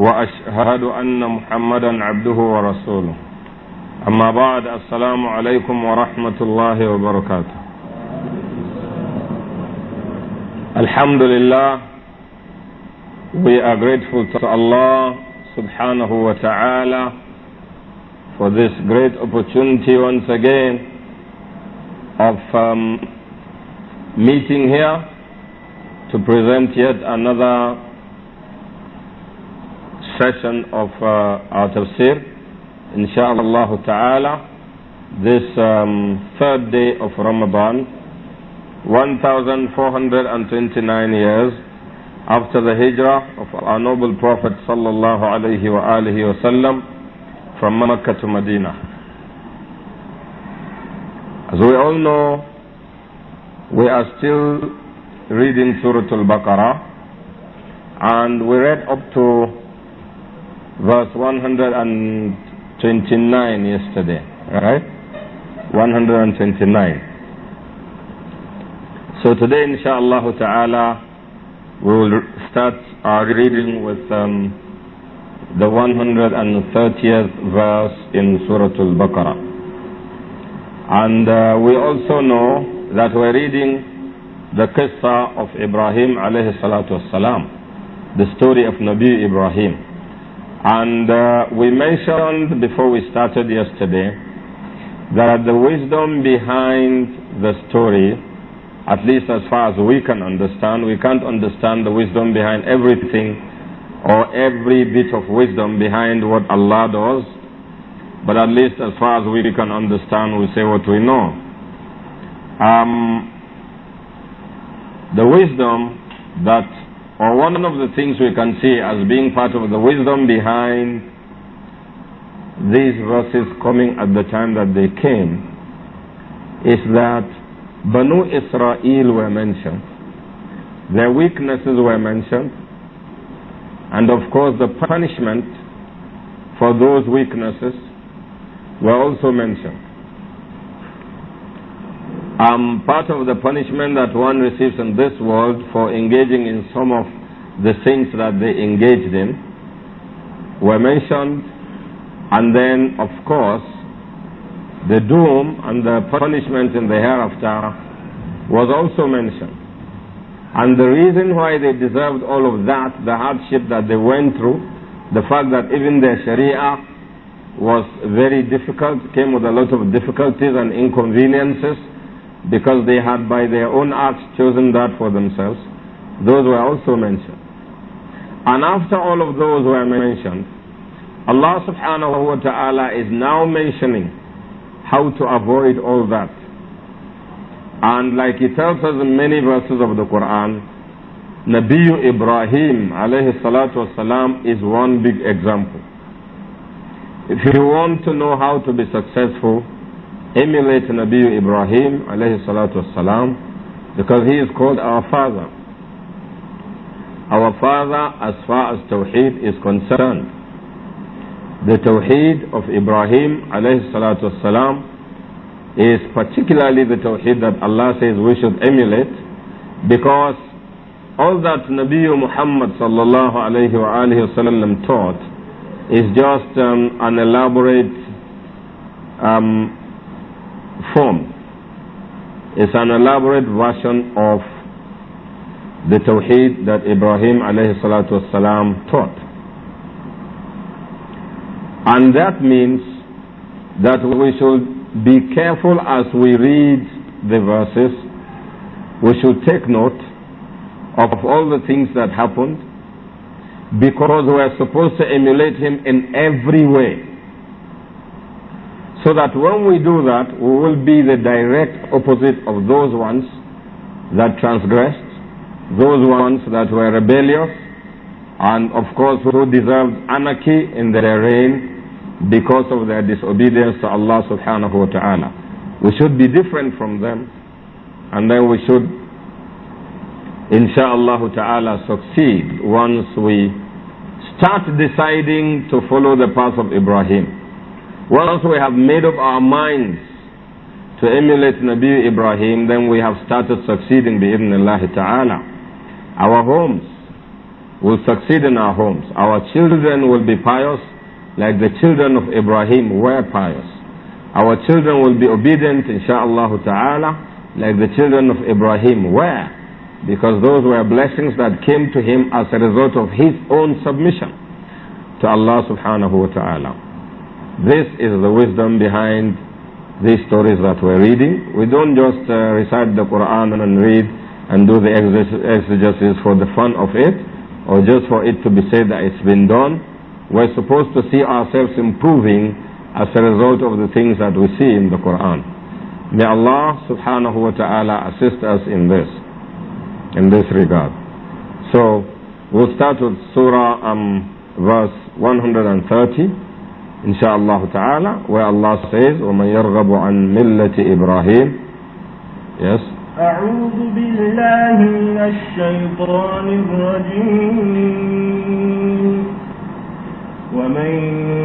واشهد ان محمدا عبده ورسوله اما بعد السلام عليكم ورحمه الله وبركاته الحمد لله we are grateful to Allah subhanahu wa ta'ala for this great opportunity once again of um, meeting here to present yet another session of uh, our tafsir. Insha'Allah ta'ala, this um, third day of Ramadan, 1429 years after the hijrah of our noble Prophet sallallahu alayhi wa alihi wa sallam from Makkah to Medina. As we all know, we are still reading Surah Al-Baqarah and we read up to verse 129 yesterday, right? 129. So today, inshallah ta'ala, we will start our reading with um, the 130th verse in Surah Al-Baqarah. And uh, we also know that we're reading the qissa of Ibrahim alayhi salatu wasalam, the story of Nabi Ibrahim. And uh, we mentioned before we started yesterday that the wisdom behind the story, at least as far as we can understand, we can't understand the wisdom behind everything or every bit of wisdom behind what Allah does, but at least as far as we can understand, we say what we know. Um, the wisdom that or one of the things we can see as being part of the wisdom behind these verses coming at the time that they came is that Banu Israel were mentioned. Their weaknesses were mentioned. And of course, the punishment for those weaknesses were also mentioned. Um, part of the punishment that one receives in this world for engaging in some of the sins that they engaged in were mentioned, and then, of course, the doom and the punishment in the hereafter was also mentioned. And the reason why they deserved all of that, the hardship that they went through, the fact that even their Sharia was very difficult, came with a lot of difficulties and inconveniences because they had by their own acts chosen that for themselves, those were also mentioned. And after all of those were mentioned, Allah subhanahu wa ta'ala is now mentioning how to avoid all that. And like he tells us in many verses of the Quran, Nabi Ibrahim alayhi salatu wasalam is one big example. If you want to know how to be successful, emulate Nabi Ibrahim alayhi salatu wasalam because he is called our father. Our father as far as Tawheed is concerned. The Tawheed of Ibrahim alayhi salatu wasalam is particularly the Tawheed that Allah says we should emulate because all that Nabi Muhammad sallallahu alayhi wa alayhi taught is just um, an elaborate um, from is an elaborate version of the Tawheed that Ibrahim alayhi salatu wasalam taught. And that means that we should be careful as we read the verses. We should take note of all the things that happened because we are supposed to emulate him in every way. So that when we do that, we will be the direct opposite of those ones that transgressed, those ones that were rebellious, and of course who deserved anarchy in their reign because of their disobedience to Allah subhanahu wa ta'ala. We should be different from them, and then we should, insha'Allah ta'ala, succeed once we start deciding to follow the path of Ibrahim. Once we have made up our minds to emulate Nabi Ibrahim, then we have started succeeding bi'ibnillahi ta'ala. Our homes will succeed in our homes. Our children will be pious like the children of Ibrahim were pious. Our children will be obedient, insha'Allah ta'ala, like the children of Ibrahim were, because those were blessings that came to him as a result of his own submission to Allah subhanahu wa ta'ala. This is the wisdom behind these stories that we're reading. We don't just uh, recite the Quran and read and do the exegesis for the fun of it or just for it to be said that it's been done. We're supposed to see ourselves improving as a result of the things that we see in the Quran. May Allah subhanahu wa ta'ala assist us in this, in this regard. So, we'll start with Surah um, verse 130. شاء الله تعالى ويا الله سيد وَمَنْ يَرْغَبُ عَنْ مِلَّةِ إِبْرَاهِيمِ Yes. أعوذ بالله من الشيطان الرجيم ومن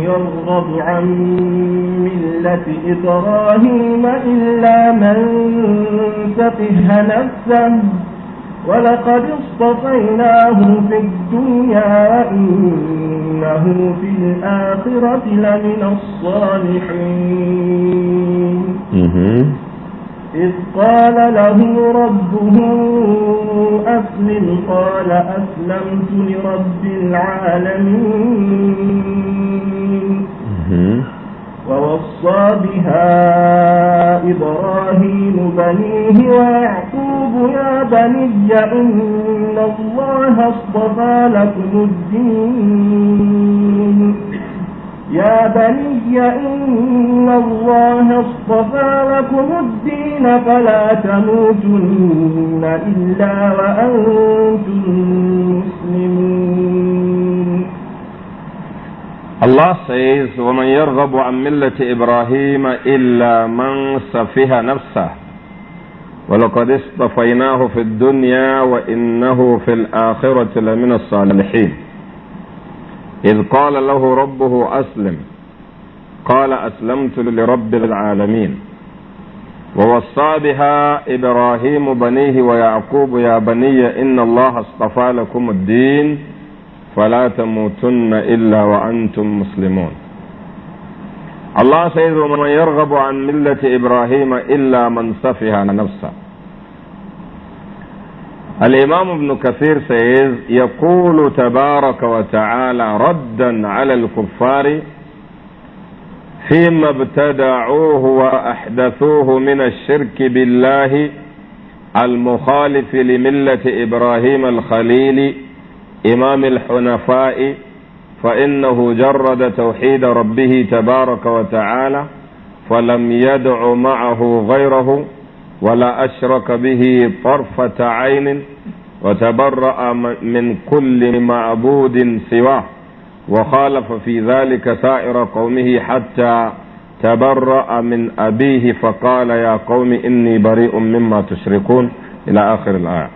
يرغب عن ملة إبراهيم إلا من سفه نفسه ولقد اصطفيناه في الدنيا وإنه في الآخرة لمن الصالحين إذ قال له ربه أسلم قال أسلمت لرب العالمين ووصى بها إبراهيم بنيه ويعقوب يا بني إن الله اصطفى لكم الدين يا بني إن الله اصطفى لكم الدين فلا تموتن إلا وأنتم مسلمون Allah says, وَمَنْ يَرْغَبُ عَنْ مِلَّةِ إِبْرَاهِيمَ إِلَّا مَنْ سَفِهَ نَفْسَهُ وَلَقَدْ اصْطَفَيْنَاهُ فِي الدُّنْيَا وَإِنَّهُ فِي الْآخِرَةِ لَمِنَ الصَّالِحِينَ إِذْ قَالَ لَهُ رَبُّهُ أَسْلِمْ قال أسلمت لرب العالمين ووصى بها إبراهيم بنيه ويعقوب يا بني إن الله اصطفى لكم الدين فلا تموتن إلا وأنتم مسلمون الله سيد ومن يرغب عن ملة إبراهيم إلا من صفها نفسه الإمام ابن كثير سيد يقول تبارك وتعالى ردا على الكفار فيما ابتدعوه وأحدثوه من الشرك بالله المخالف لملة إبراهيم الخليل إمام الحنفاء فإنه جرد توحيد ربه تبارك وتعالى فلم يدع معه غيره ولا أشرك به طرفة عين وتبرأ من كل معبود سواه وخالف في ذلك سائر قومه حتى تبرأ من أبيه فقال يا قوم إني بريء مما تشركون إلى آخر الآية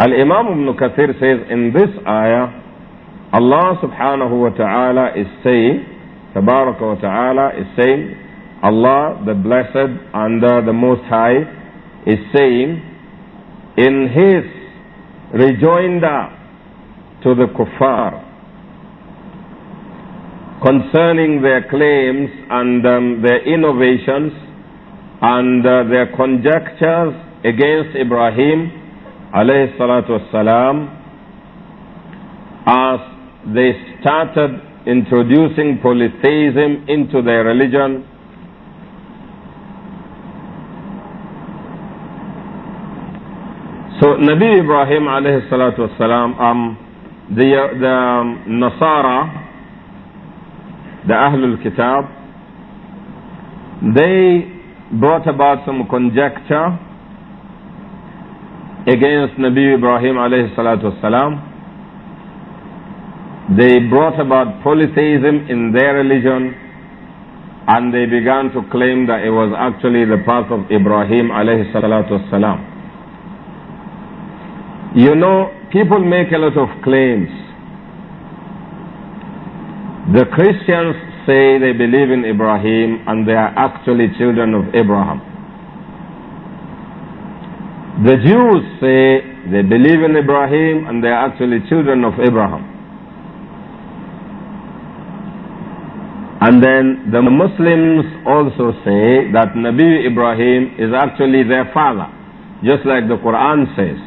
Al-Imam ibn Kathir says in this ayah, Allah subhanahu wa ta'ala is saying, Tabaraka wa ta'ala is saying, Allah the Blessed under the Most High is saying, in his rejoinder to the kuffar concerning their claims and um, their innovations and uh, their conjectures against Ibrahim, alayhi salatu wasalam, as they started introducing polytheism into their religion, So Nabi Ibrahim alayhi salatu wasalam, um, the, the um, Nasara, the Ahlul Kitab, they brought about some conjecture against Nabi Ibrahim alayhi salatu wasalam. They brought about polytheism in their religion and they began to claim that it was actually the path of Ibrahim alayhi salatu wasalam. You know, people make a lot of claims. The Christians say they believe in Ibrahim and they are actually children of Abraham. The Jews say they believe in Ibrahim and they are actually children of Abraham. And then the Muslims also say that Nabi Ibrahim is actually their father, just like the Quran says.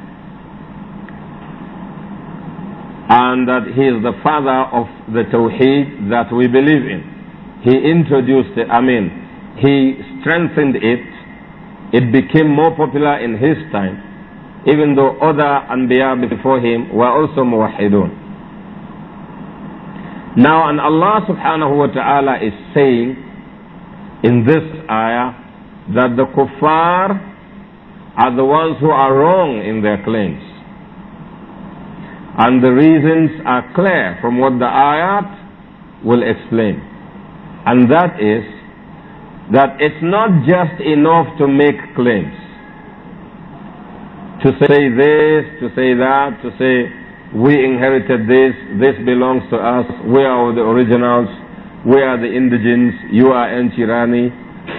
And that he is the father of the Tawheed that we believe in. He introduced it, I mean, he strengthened it it became more popular in his time, even though other Anbiya before him were also muwahidun. Now, and Allah subhanahu wa ta'ala is saying in this ayah that the kuffar are the ones who are wrong in their claims. And the reasons are clear from what the ayat will explain. And that is that it's not just enough to make claims. To say this, to say that, to say we inherited this, this belongs to us, we are the originals, we are the indigens, you are Enchirani,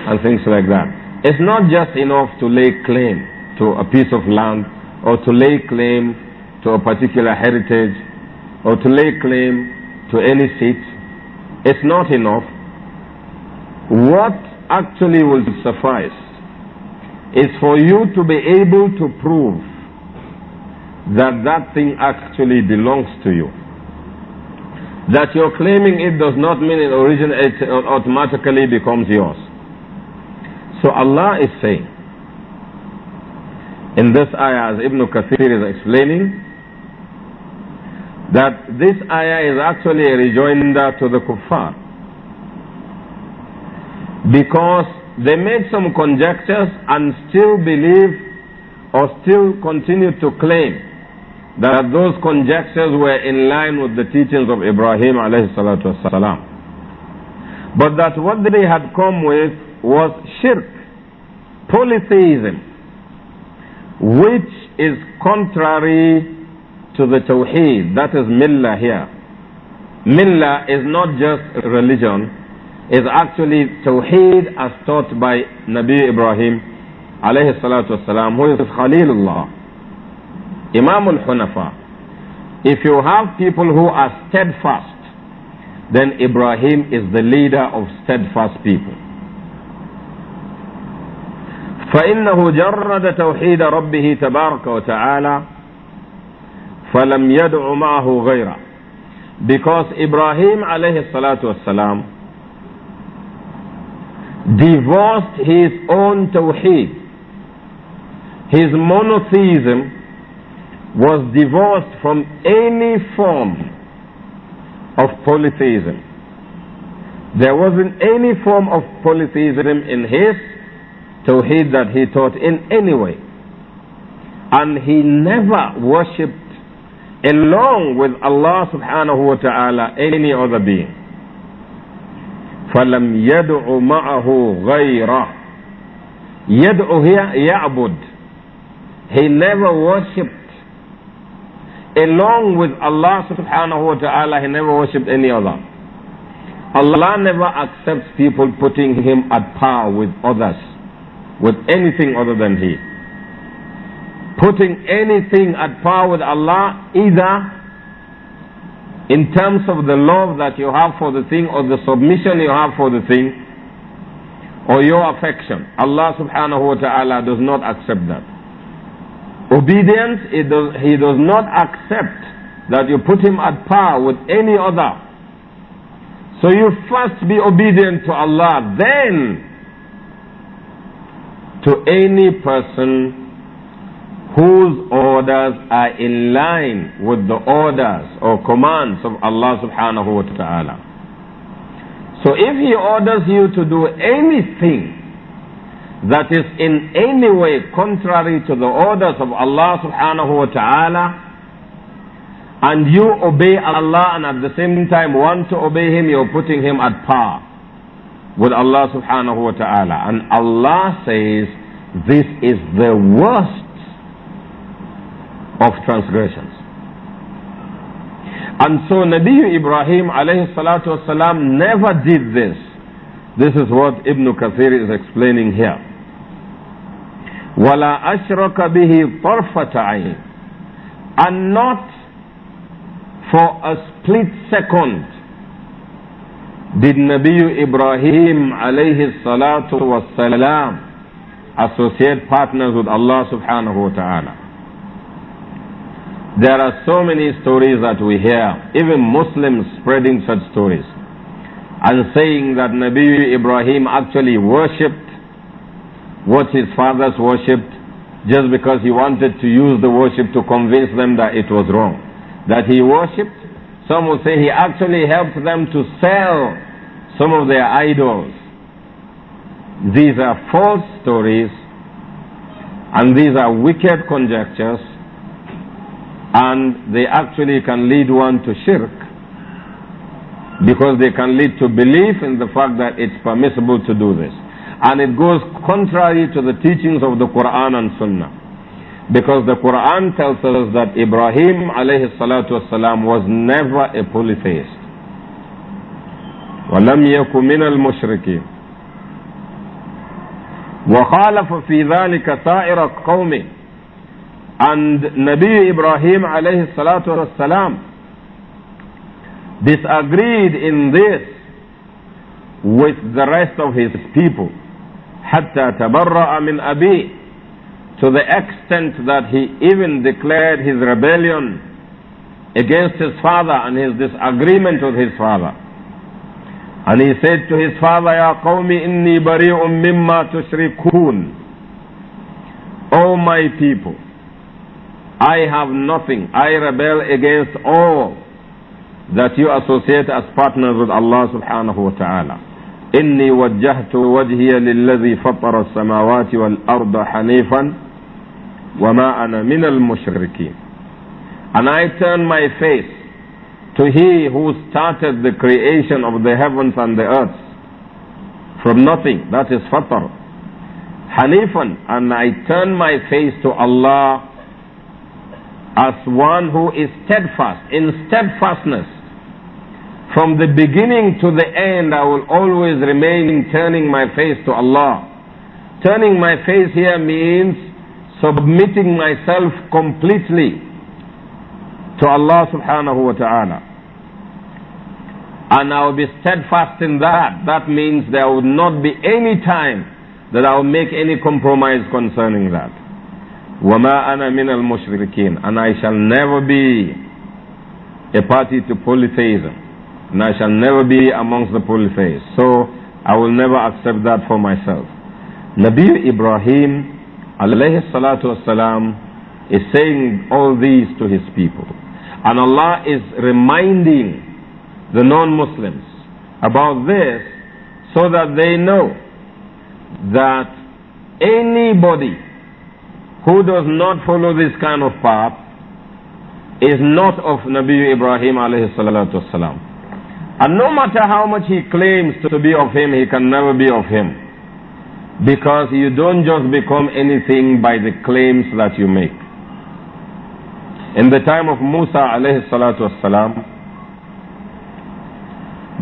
and things like that. It's not just enough to lay claim to a piece of land or to lay claim to a particular heritage or to lay claim to any seat. It's not enough. What actually will suffice is for you to be able to prove that that thing actually belongs to you. That you're claiming it does not mean it originates it automatically becomes yours. So Allah is saying in this ayah, as Ibn Kathir is explaining, that this ayah is actually a rejoinder to the kuffar because they made some conjectures and still believe or still continue to claim that those conjectures were in line with the teachings of Ibrahim alayhi salatu wasalam. But that what they had come with was shirk, polytheism, which is contrary to the tawheed, that is millah here. Millah is not just religion, is actually Tawheed as taught by Nabi Ibrahim alayhi salatu wasalam, who is Khalilullah, Imam al-Hunafa. If you have people who are steadfast, then Ibrahim is the leader of steadfast people. فإنه جرد توحيد ربه تبارك وتعالى فلم يدع معه غيره because Ibrahim alayhi salatu wasalam divorced his own tawheed. His monotheism was divorced from any form of polytheism. There wasn't any form of polytheism in his tawheed that he taught in any way. And he never worshipped along with Allah subhanahu wa ta'ala any other being. فلم يدع معه غيره يدعو here يعبد he never worshipped along with Allah subhanahu wa ta'ala he never worshipped any other Allah never accepts people putting him at par with others with anything other than he putting anything at par with Allah either in terms of the love that you have for the thing or the submission you have for the thing or your affection. Allah subhanahu wa ta'ala does not accept that. Obedience, does, He does not accept that you put Him at par with any other. So you first be obedient to Allah, then to any person whose orders are in line with the orders or commands of Allah subhanahu wa ta'ala. So if he orders you to do anything that is in any way contrary to the orders of Allah subhanahu wa ta'ala, and you obey Allah and at the same time want to obey Him, you're putting Him at par with Allah subhanahu wa ta'ala. And Allah says, this is the worst of transgressions. And so Nabi Ibrahim alayhi salatu wasalam never did this. This is what Ibn Kathir is explaining here. وَلَا أَشْرَكَ بِهِ طَرْفَةَ And not for a split second did Nabi Ibrahim alayhi salatu wasalam associate partners with Allah subhanahu wa ta'ala. There are so many stories that we hear, even Muslims spreading such stories, and saying that Nabi Ibrahim actually worshipped what his fathers worshipped just because he wanted to use the worship to convince them that it was wrong. That he worshipped, some will say he actually helped them to sell some of their idols. These are false stories and these are wicked conjectures and they actually can lead one to shirk because they can lead to belief in the fact that it's permissible to do this. And it goes contrary to the teachings of the Quran and Sunnah. Because the Quran tells us that Ibrahim alayhi salatu wasalam was never a polytheist. ولم يك من المشركين وخالف في ذلك سائر قومه and Nabi Ibrahim alayhi salatu wasalam disagreed in this with the rest of his people. حتى تبرأ من abi to the extent that he even declared his rebellion against his father and his disagreement with his father. And he said to his father, Ya qawmi inni bari'un mimma tushrikun. O my people, I have nothing. I rebel against all that you associate as partners with Allah subhanahu wa ta'ala. إني وجهت وجهي للذي فطر السماوات والأرض حنيفا وما أنا من المشركين And I turn my face to He who started the creation of the heavens and the earth from nothing. That is fatar. Hanifan. And I turn my face to Allah as one who is steadfast, in steadfastness. From the beginning to the end, I will always remain turning my face to Allah. Turning my face here means submitting myself completely to Allah subhanahu wa ta'ala. And I will be steadfast in that. That means there will not be any time that I will make any compromise concerning that. وَمَا أَنَا مِنَ الْمُشْرِكِينَ And I shall never be a party to polytheism. And I shall never be amongst the polytheists. So I will never accept that for myself. Nabi Ibrahim alayhi salatu wasalam is saying all these to his people. And Allah is reminding the non-Muslims about this so that they know that anybody who does not follow this kind of path is not of Nabi Ibrahim alayhi salatu wasalam. And no matter how much he claims to be of him, he can never be of him. Because you don't just become anything by the claims that you make. In the time of Musa alayhi salatu wasalam,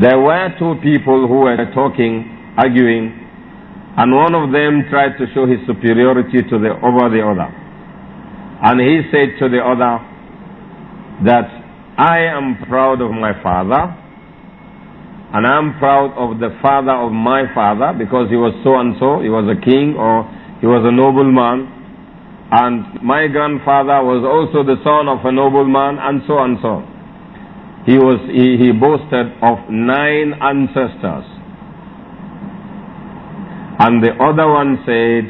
there were two people who were talking, arguing, and one of them tried to show his superiority to the, over the other. And he said to the other that I am proud of my father and I'm proud of the father of my father because he was so and so, he was a king or he was a nobleman and my grandfather was also the son of a nobleman and so and so. He was, he, he boasted of nine ancestors. And the other one said,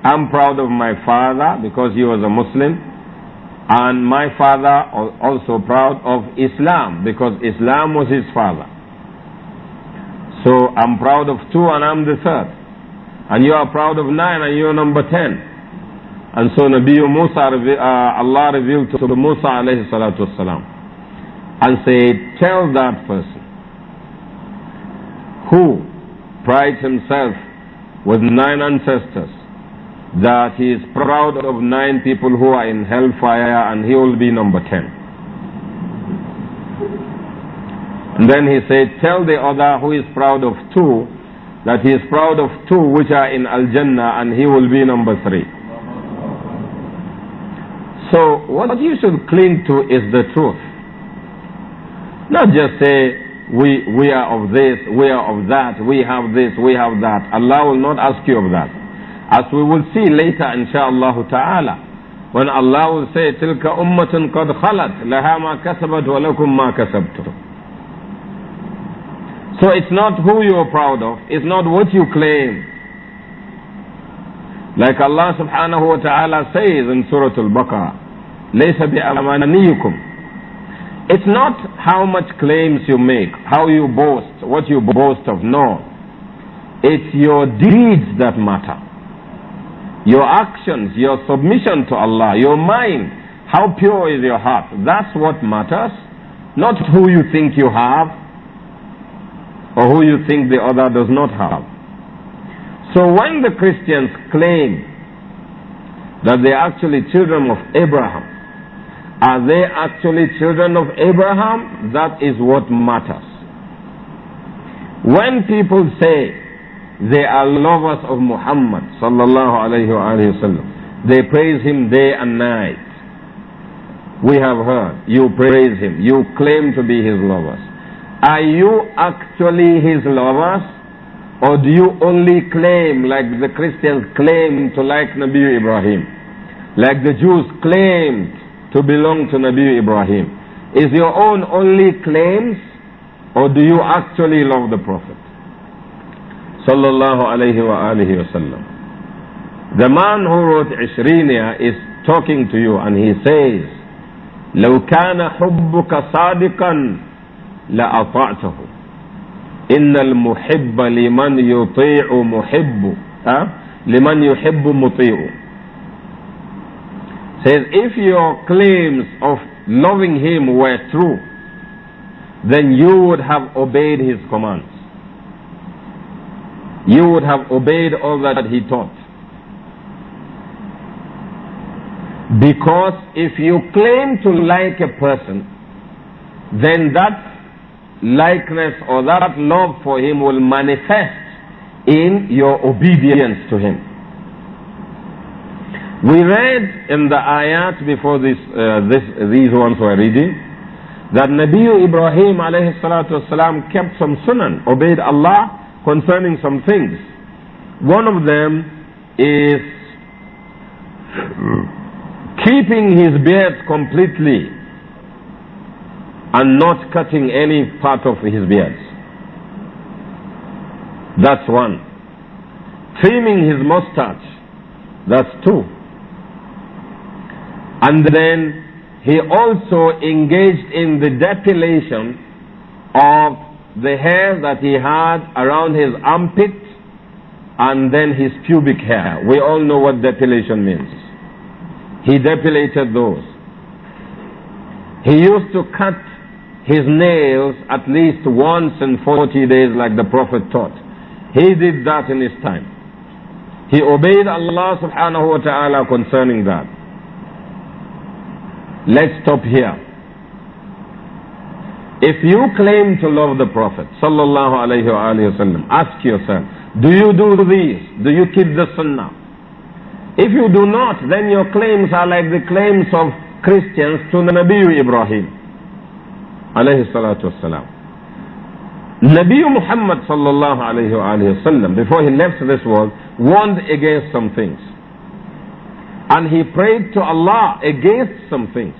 I'm proud of my father because he was a Muslim. And my father also proud of Islam because Islam was his father. So I'm proud of two and I'm the third. And you are proud of nine and you're number ten. And so Nabi Musa, uh, Allah revealed to Musa alayhi salatu wasalam and said, tell that person who prides himself with nine ancestors, that he is proud of nine people who are in hellfire and he will be number ten. And then he said, Tell the other who is proud of two that he is proud of two which are in Al Jannah and he will be number three. So, what you should cling to is the truth. Not just say, we, we are of this, we are of that, we have this, we have that. Allah will not ask you of that. As we will see later, insha'Allah ta'ala, when Allah will say, تِلْكَ أُمَّةٌ قَدْ خَلَتْ لَهَا مَا كَسَبَتْ وَلَكُمْ مَا كَسَبْتُمْ So it's not who you are proud of, it's not what you claim. Like Allah subhanahu wa ta'ala says in Surah Al-Baqarah, لَيْسَ بِأَمَانِيكُمْ it's not how much claims you make, how you boast, what you boast of. No. It's your deeds that matter. Your actions, your submission to Allah, your mind. How pure is your heart? That's what matters. Not who you think you have or who you think the other does not have. So when the Christians claim that they are actually children of Abraham, are they actually children of Abraham? That is what matters. When people say they are lovers of Muhammad sallallahu alayhi wa they praise him day and night. We have heard, you praise him, you claim to be his lovers. Are you actually his lovers? Or do you only claim, like the Christians claim to like Nabi Ibrahim? Like the Jews claimed to belong to Nabi Ibrahim? Is your own only claims or do you actually love the Prophet? Sallallahu alayhi wa alihi wasallam. The man who wrote Ishrinia is talking to you and he says, لو كان حبك صادقا لأطعته إن المحب لمن يطيع محب أه؟ لمن يحب مطيع Says, if your claims of loving him were true, then you would have obeyed his commands. You would have obeyed all that he taught. Because if you claim to like a person, then that likeness or that love for him will manifest in your obedience to him. We read in the ayat before this, uh, this, these ones were reading that Nabi Ibrahim alayhi salatu wasalam kept some sunan, obeyed Allah concerning some things. One of them is keeping his beard completely and not cutting any part of his beard. That's one. Trimming his mustache. That's two. And then he also engaged in the depilation of the hair that he had around his armpit and then his pubic hair. We all know what depilation means. He depilated those. He used to cut his nails at least once in 40 days like the Prophet taught. He did that in his time. He obeyed Allah subhanahu wa ta'ala concerning that. Let's stop here. If you claim to love the Prophet sallallahu alaihi wasallam, ask yourself, do you do these? Do you keep the Sunnah? If you do not, then your claims are like the claims of Christians to the Nabi Ibrahim alayhi salatu wasalam. Nabi Muhammad sallallahu alaihi wasallam, before he left this world, warned against some things. And he prayed to Allah against some things.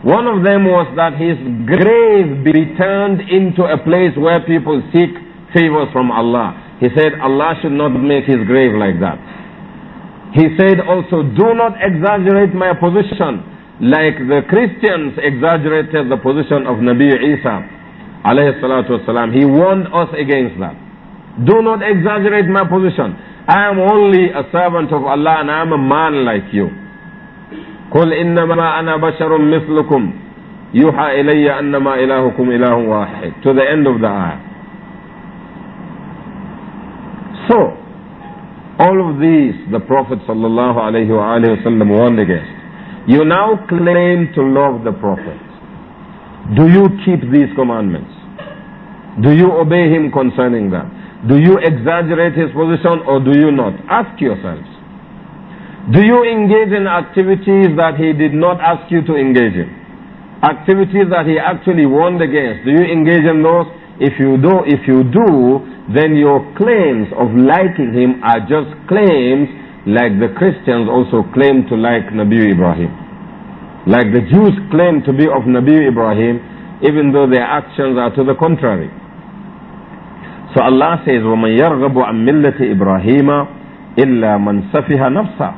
One of them was that his grave be turned into a place where people seek favors from Allah. He said Allah should not make his grave like that. He said also, do not exaggerate my position like the Christians exaggerated the position of Nabi Isa He warned us against that. Do not exaggerate my position. I am only a servant of Allah and I am a man like you. قل إنما أنا بشر مثلكم يوحى إلي أنما إلهكم إله واحد to the end of the ayah. So, all of these the Prophet sallallahu alaihi wasallam warned against. You now claim to love the Prophet. Do you keep these commandments? Do you obey him concerning that? Do you exaggerate his position or do you not? Ask yourselves. Do you engage in activities that he did not ask you to engage in? Activities that he actually warned against. Do you engage in those? If you do, if you do, then your claims of liking him are just claims like the Christians also claim to like Nabi Ibrahim. Like the Jews claim to be of Nabi Ibrahim, even though their actions are to the contrary. So Allah says, وَمَنْ يَرْغَبُ عَنْ مِلَّةِ إِبْرَاهِيمَ إِلَّا مَنْ سَفِهَ نَفْسَهُ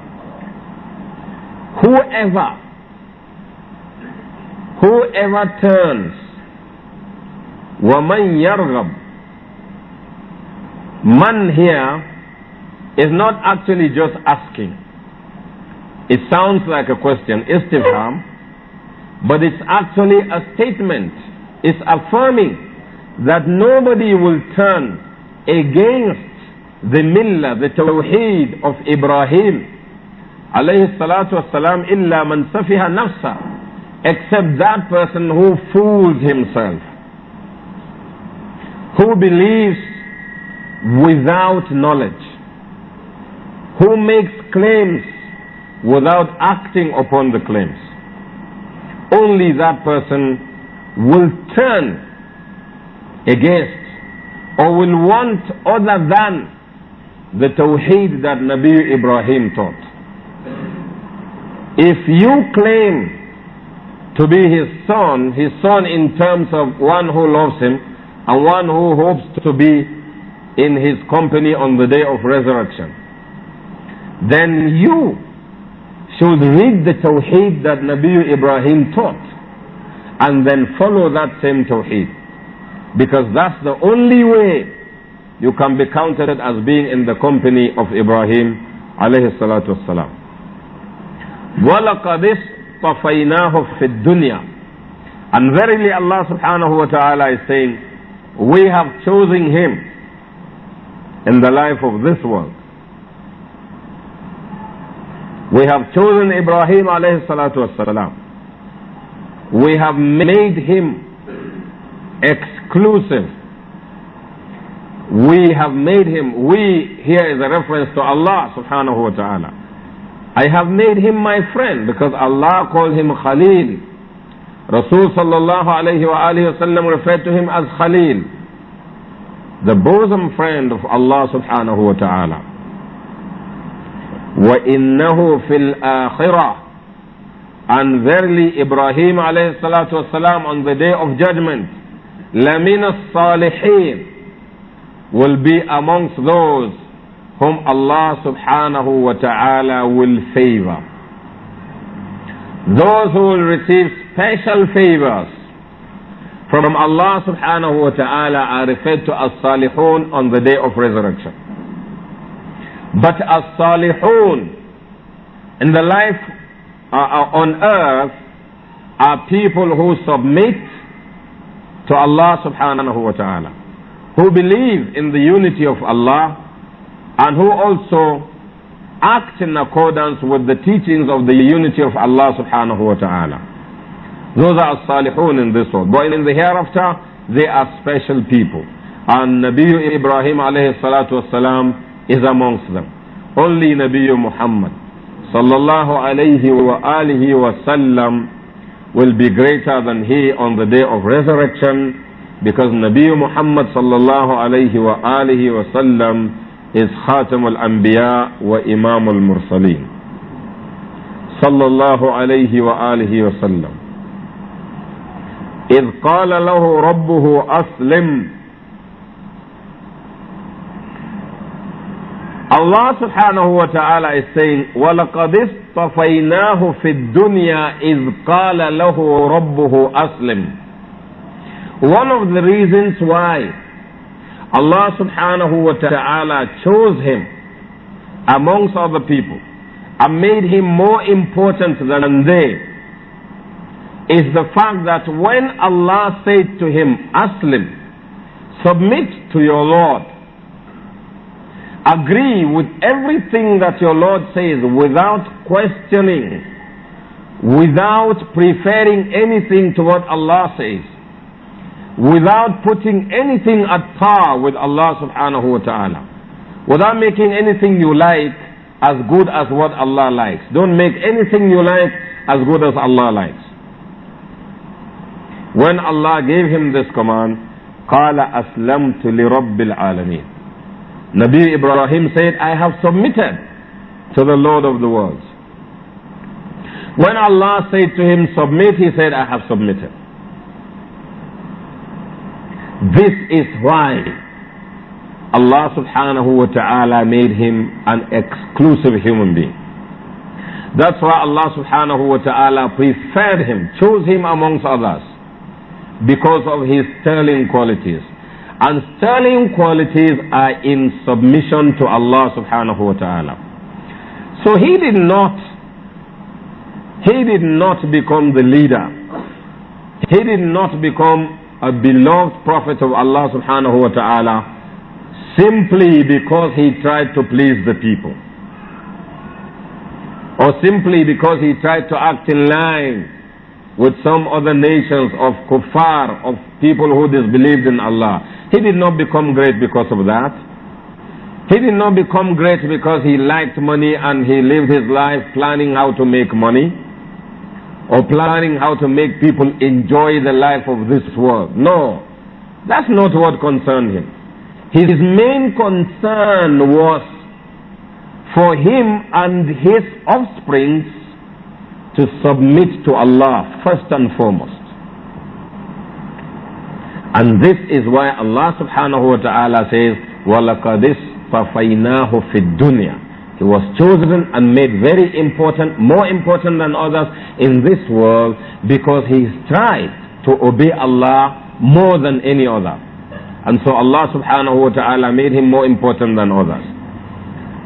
Whoever, whoever turns, وَمَنْ يَرْغَبُ Man here is not actually just asking. It sounds like a question, istifham, but it's actually a statement. It's affirming that nobody will turn against the millah, the tawheed of Ibrahim alayhi salatu wasalam illa man safiha nafsa except that person who fools himself who believes without knowledge who makes claims without acting upon the claims only that person will turn against or will want other than the Tawheed that Nabi Ibrahim taught. If you claim to be his son, his son in terms of one who loves him and one who hopes to be in his company on the day of resurrection, then you should read the Tawheed that Nabi Ibrahim taught and then follow that same Tawheed. Because that's the only way you can be counted as being in the company of Ibrahim alayhi salatu wasalam. And verily Allah subhanahu wa ta'ala is saying, we have chosen him in the life of this world. We have chosen Ibrahim alayhi salatu wasalam. We have made him exclusive. We have made him, we here is a reference to Allah subhanahu wa ta'ala. I have made him my friend because Allah called him Khalil. Rasul sallallahu alayhi wa alayhi wa referred to him as Khalil, the bosom friend of Allah subhanahu wa ta'ala. وَإِنَّهُ فِي الْآخِرَةِ And verily Ibrahim alayhi salatu wasalam on the day of judgment لَمِنَ الصَّالِحِينَ will be amongst those whom Allah subhanahu wa ta'ala will favor. Those who will receive special favors from Allah subhanahu wa ta'ala are referred to as salihun on the day of resurrection. But as salihun in the life uh, uh on earth are people who submit to Allah subhanahu wa ta'ala, who believe in the unity of Allah and who also act in accordance with the teachings of the unity of Allah subhanahu wa ta'ala. Those are salihun in this world. But in the hereafter, they are special people. And Nabi Ibrahim alayhi salatu wasalam is amongst them. Only Nabi Muhammad sallallahu alayhi wa alihi wa sallam will be greater than he on the day of resurrection because Nabi Muhammad sallallahu alayhi wa alihi wa sallam is Khatam al-Anbiya wa Imam al-Mursaleen sallallahu alayhi wa alihi wa sallam إذ قال له ربه أسلم Allah subhanahu wa ta'ala is saying, وَلَقَدِ اصْطَفَيْنَاهُ فِي الدُّنْيَا إِذْ قَالَ لَهُ رَبُّهُ أَسْلِمْ One of the reasons why Allah subhanahu wa ta'ala chose him amongst other people and made him more important than they is the fact that when Allah said to him, Aslim, submit to your Lord, agree with everything that your Lord says without questioning, without preferring anything to what Allah says, without putting anything at par with Allah subhanahu wa ta'ala, without making anything you like as good as what Allah likes. Don't make anything you like as good as Allah likes. When Allah gave him this command, قال أسلمت لرب العالمين Nabi Ibrahim said, I have submitted to the Lord of the worlds. When Allah said to him, Submit, he said, I have submitted. This is why Allah subhanahu wa ta'ala made him an exclusive human being. That's why Allah subhanahu wa ta'ala preferred him, chose him amongst others, because of his sterling qualities. And sterling qualities are in submission to Allah subhanahu wa ta'ala. So he did not, he did not become the leader. He did not become a beloved prophet of Allah subhanahu wa ta'ala simply because he tried to please the people. Or simply because he tried to act in line with some other nations of kuffar, of people who disbelieved in Allah. He did not become great because of that. He did not become great because he liked money and he lived his life planning how to make money or planning how to make people enjoy the life of this world. No, that's not what concerned him. His main concern was for him and his offspring to submit to Allah first and foremost. And this is why Allah subhanahu wa ta'ala says, وَلَقَدِ اصْطَفَيْنَاهُ فِي الدُّنْيَا He was chosen and made very important, more important than others in this world because he tried to obey Allah more than any other. And so Allah subhanahu wa ta'ala made him more important than others.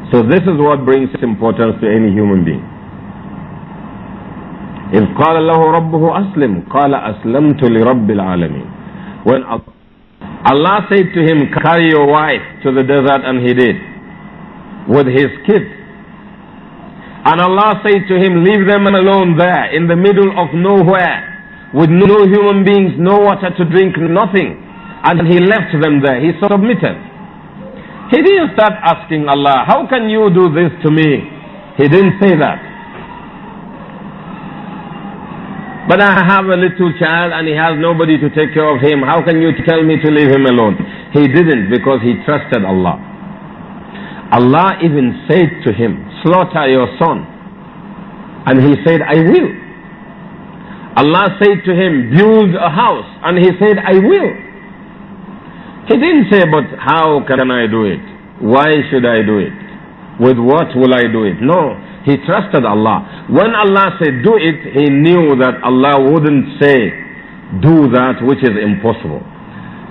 So this is what brings importance to any human being. إذ قال له ربه أسلم قال أسلمت لرب العالمين when Allah said to him, carry your wife to the desert, and he did, with his kid. And Allah said to him, leave them alone there, in the middle of nowhere, with no human beings, no water to drink, nothing. And he left them there. He submitted. He didn't start asking Allah, how can you do this to me? He didn't say that. But I have a little child and he has nobody to take care of him. How can you tell me to leave him alone? He didn't because he trusted Allah. Allah even said to him, Slaughter your son. And he said, I will. Allah said to him, Build a house. And he said, I will. He didn't say, But how can I do it? Why should I do it? With what will I do it? No. He trusted Allah. When Allah said do it, he knew that Allah wouldn't say do that which is impossible.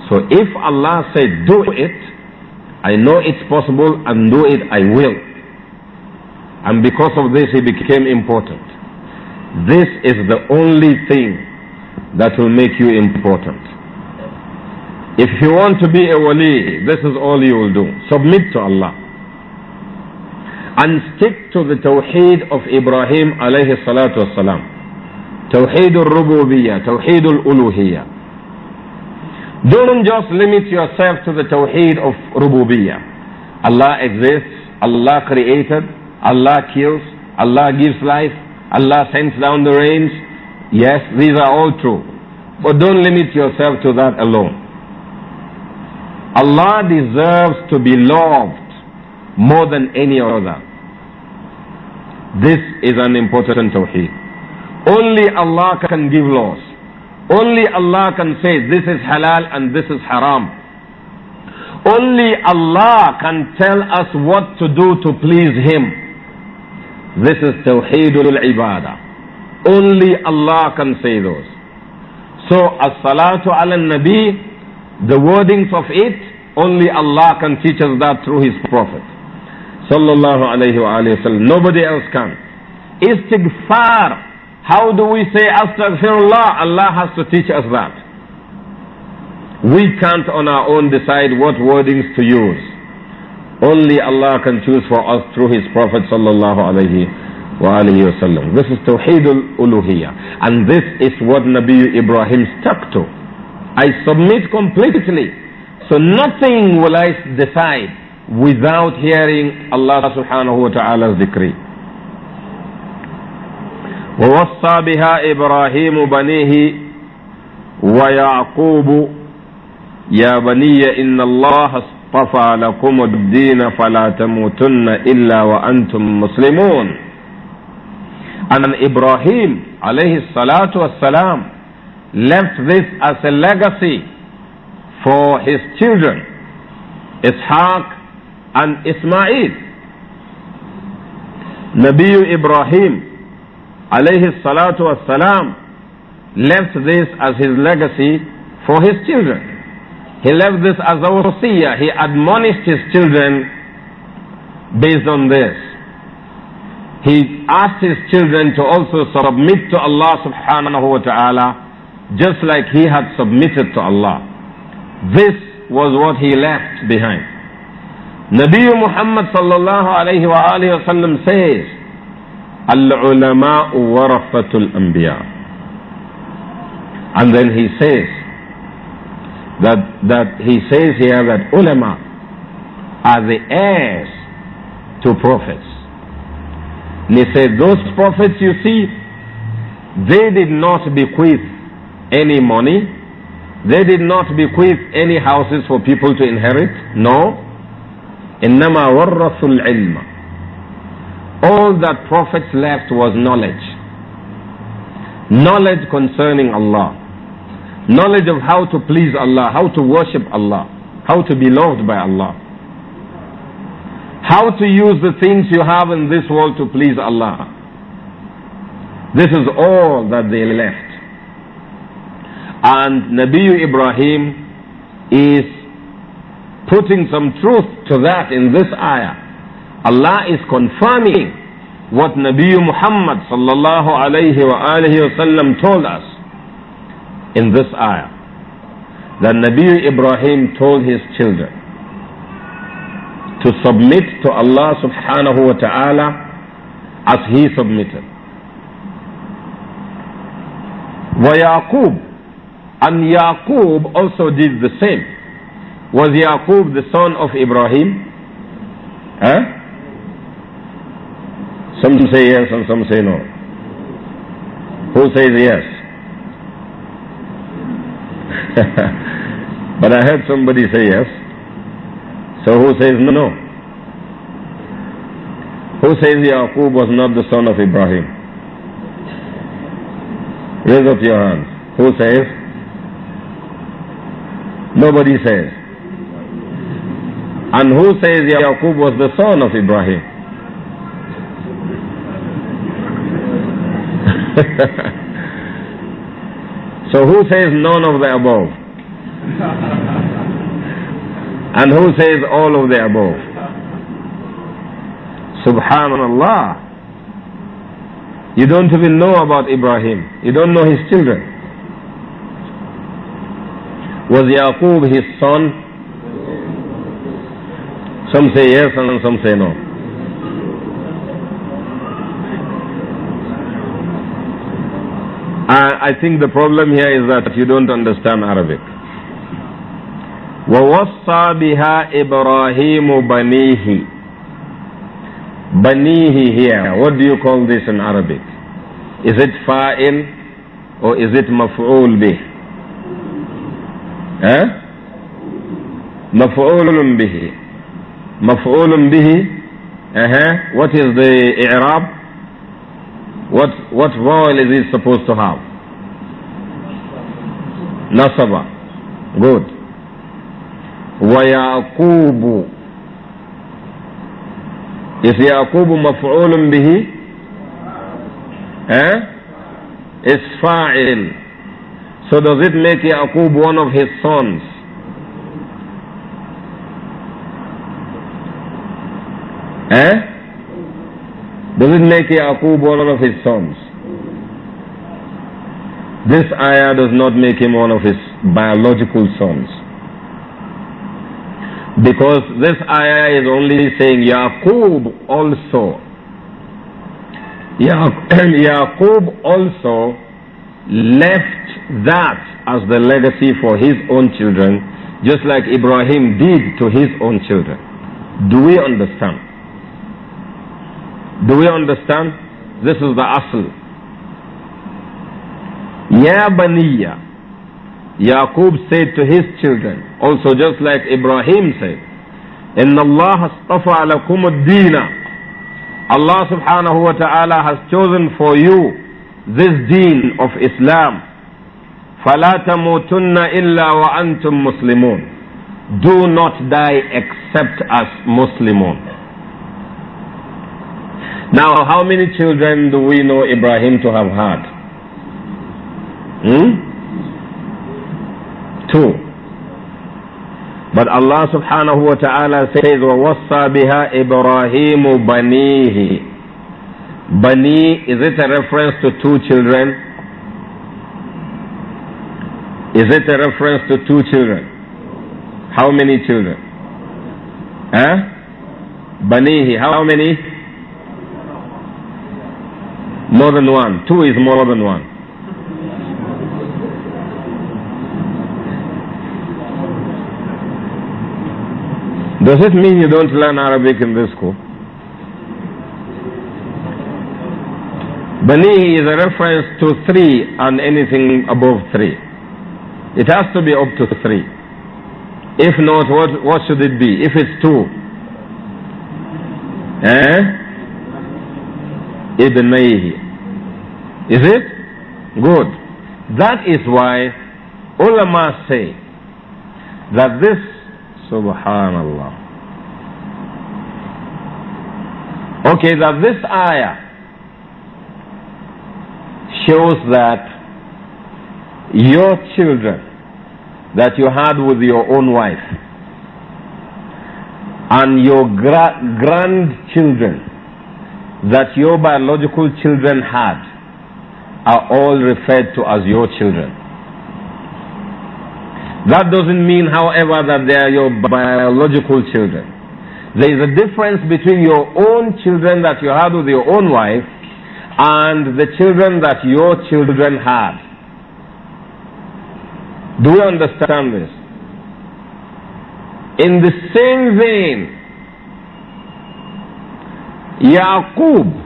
So if Allah said do it, I know it's possible and do it I will. And because of this he became important. This is the only thing that will make you important. If you want to be a wali, this is all you will do. Submit to Allah and stick to the Tawheed of Ibrahim alayhi salatu wasalam. Tawheed al-Rububiyyah, Tawheed al-Uluhiyyah. Don't just limit yourself to the Tawheed of Rububiyyah. Allah exists, Allah created, Allah kills, Allah gives life, Allah sends down the rains. Yes, these are all true. But don't limit yourself to that alone. Allah deserves to be loved more than any other. This is an important tawheed. Only Allah can give laws. Only Allah can say this is halal and this is haram. Only Allah can tell us what to do to please Him. This is Tawheedul Ibadah. Only Allah can say those. So, As-Salatu ala Nabi, the wordings of it, only Allah can teach us that through His Prophet. Sallallahu alayhi wa sallam. Nobody else can. Istighfar. How do we say astaghfirullah? Allah has to teach us that. We can't on our own decide what wordings to use. Only Allah can choose for us through His Prophet sallallahu alayhi wasallam. This is Tawheedul Uluhiyya. And this is what Nabi Ibrahim stuck to. I submit completely. So nothing will I decide without hearing Allah subhanahu wa ta'ala's decree. ووصى بها إبراهيم بنيه ويعقوب يا بني إن الله اصطفى لكم الدين فلا تموتن إلا وأنتم مسلمون أن إبراهيم عليه الصلاة والسلام left this as a legacy for his children Ishaq and Ismail. Nabi Ibrahim alayhi salatu wassalam left this as his legacy for his children. He left this as a wasiyah. He admonished his children based on this. He asked his children to also submit to Allah subhanahu wa ta'ala just like he had submitted to Allah. This was what he left behind. Nabi Muhammad sallallahu alayhi wa alayhi wa sallam says, Al-ulama'u warafatul anbiya. And then he says, that, that he says here that ulama are the heirs to prophets. And he said, those prophets you see, they did not bequeath any money. They did not bequeath any houses for people to inherit. No. إنما ورثوا العلم All that prophets left was knowledge. Knowledge concerning Allah. Knowledge of how to please Allah, how to worship Allah, how to be loved by Allah. How to use the things you have in this world to please Allah. This is all that they left. And Nabi Ibrahim is putting some truth to that in this ayah. Allah is confirming what Nabi Muhammad sallallahu alayhi wa wasallam told us in this ayah. That Nabi Ibrahim told his children to submit to Allah subhanahu wa ta'ala as he submitted. ويعقوب and Yaqub also did the same was Yaqub the son of Ibrahim? Huh? Some say yes and some say no. Who says yes? but I heard somebody say yes. So who says no? Who says Yaqub was not the son of Ibrahim? Raise up your hands. Who says? Nobody says. And who says Yaqub was the son of Ibrahim? so who says none of the above? And who says all of the above? Subhanallah. You don't even know about Ibrahim. You don't know his children. Was Yaqub his son? Some say yes and some say no. I think the problem here is that you don't understand Arabic. ووصى بها إبراهيم بنيه بنيه here what do you call this in Arabic is it fa'il or is it مفعول به eh? مفعول به مفعول به uh-huh. what is the i'rab what what vowel is it supposed to have nasaba good Wa ويعقوب is يعقوب مفعول bihi? eh? is fa'il so does it make يعقوب one of his sons Eh? Does it make Yaqub one of his sons? This ayah does not make him one of his biological sons. Because this ayah is only saying Yaqub also. Yaqub also left that as the legacy for his own children, just like Ibrahim did to his own children. Do we understand? Do we understand? This is the asl. Ya Baniya. Yaqub said to his children, also just like Ibrahim said, إِنَّ اللَّهَ اصْطَفَى لَكُمُ الدِّينَ Allah subhanahu wa ta'ala has chosen for you this deen of Islam. فَلَا تَمُوتُنَّ إِلَّا وَأَنْتُمْ مُسْلِمُونَ Do not die except as Muslimun. Now, how many children do we know Ibrahim to have had? Hmm? Two. But Allah subhanahu wa ta'ala says, وَوَصَّى بِهَا إِبْرَاهِيمُ بَنِيهِ Bani, is it a reference to two children? Is it a reference to two children? How many children? Huh? Banihi, how many? More than one. Two is more than one. Does it mean you don't learn Arabic in this school? Bani is a reference to three and anything above three. It has to be up to three. If not, what, what should it be? If it's two, eh? Ibn Mayhi. Is it? Good. That is why ulama say that this, subhanallah, okay, that this ayah shows that your children that you had with your own wife and your gra- grandchildren that your biological children had are all referred to as your children. That doesn't mean, however, that they are your biological children. There is a difference between your own children that you had with your own wife and the children that your children had. Do you understand this? In the same vein, Yaqub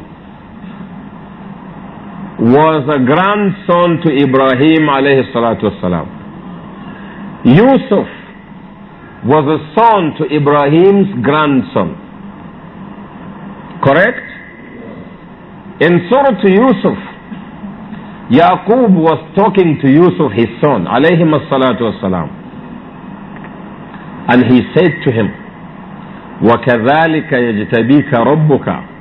was a grandson to Ibrahim alayhi salatu wasalam. Yusuf was a son to Ibrahim's grandson. Correct? In Surah to Yusuf, Yaqub was talking to Yusuf, his son, alayhi salatu wasalam. And he said to him, وَكَذَلِكَ يَجْتَبِيكَ رَبُّكَ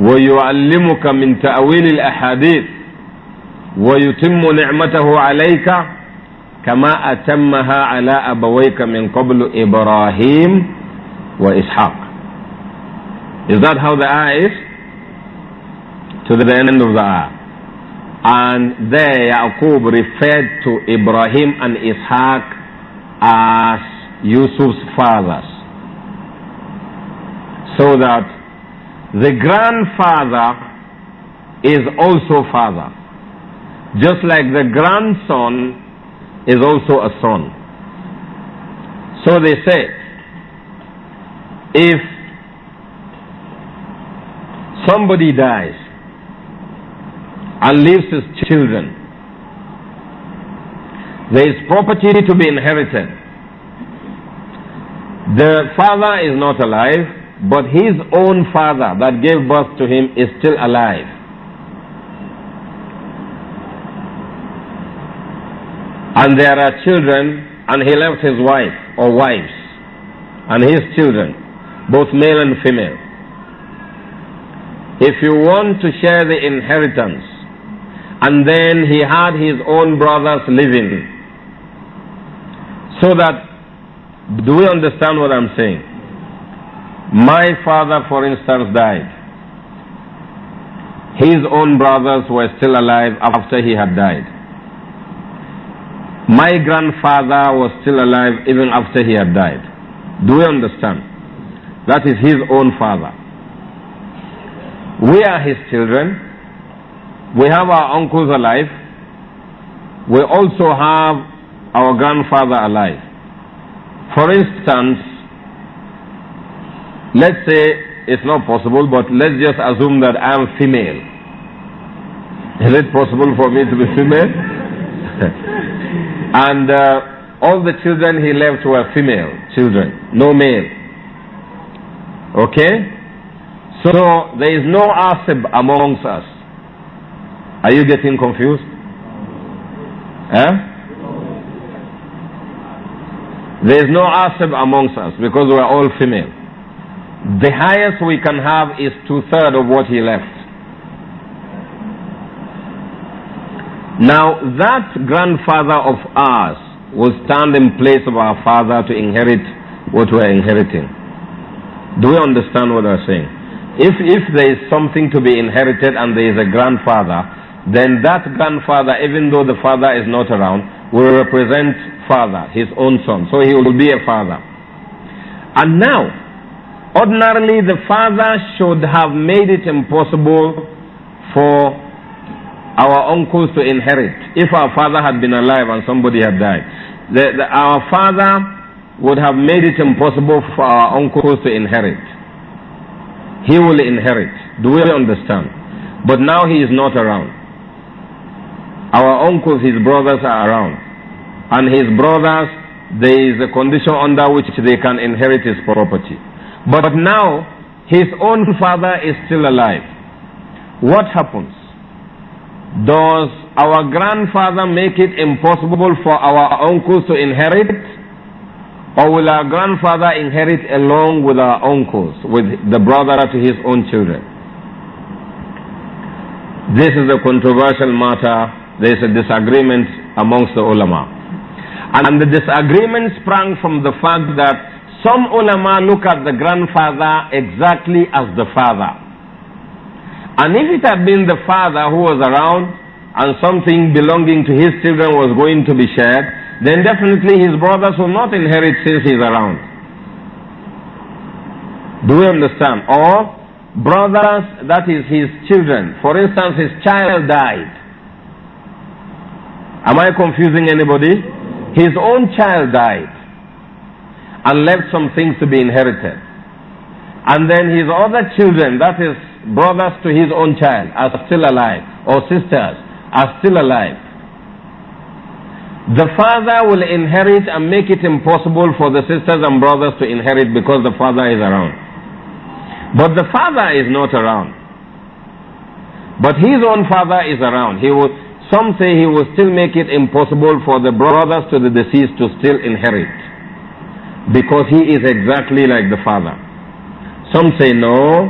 ويعلمك من تأويل الأحاديث ويتم نعمته عليك كما أتمها على أبويك من قبل إبراهيم وإسحاق Is that how the ayah is? To the end of the ayah. And there Yaqub referred to Ibrahim and Ishaq as Yusuf's fathers. So that the grandfather is also father. Just like the grandson is also a son. So they say, if somebody dies and leaves his children, there is property to be inherited. The father is not alive, but his own father that gave birth to him is still alive. And there are children, and he left his wife or wives and his children, both male and female. If you want to share the inheritance, and then he had his own brothers living, so that do we understand what I'm saying? My father, for instance, died. His own brothers were still alive after he had died. My grandfather was still alive even after he had died. Do you understand? That is his own father. We are his children. We have our uncles alive. We also have our grandfather alive. For instance, Let's say it's not possible, but let's just assume that I'm female. Is it possible for me to be female? and uh, all the children he left were female children, no male. Okay? So there is no asib amongst us. Are you getting confused? Eh? There is no asib amongst us because we are all female. The highest we can have is two thirds of what he left. Now, that grandfather of ours will stand in place of our father to inherit what we're inheriting. Do we understand what I'm saying? If, if there is something to be inherited and there is a grandfather, then that grandfather, even though the father is not around, will represent father, his own son. So he will be a father. And now, Ordinarily, the father should have made it impossible for our uncles to inherit if our father had been alive and somebody had died. The, the, our father would have made it impossible for our uncles to inherit. He will inherit. Do we understand? But now he is not around. Our uncles, his brothers are around. And his brothers, there is a condition under which they can inherit his property. But now, his own father is still alive. What happens? Does our grandfather make it impossible for our uncles to inherit? Or will our grandfather inherit along with our uncles, with the brother to his own children? This is a controversial matter. There is a disagreement amongst the ulama. And the disagreement sprang from the fact that some ulama look at the grandfather exactly as the father. And if it had been the father who was around and something belonging to his children was going to be shared, then definitely his brothers will not inherit since he's around. Do we understand? Or brothers, that is his children. For instance, his child died. Am I confusing anybody? His own child died and left some things to be inherited. And then his other children, that is brothers to his own child, are still alive, or sisters are still alive. The father will inherit and make it impossible for the sisters and brothers to inherit because the father is around. But the father is not around. But his own father is around. He will, some say he will still make it impossible for the brothers to the deceased to still inherit because he is exactly like the father. Some say no,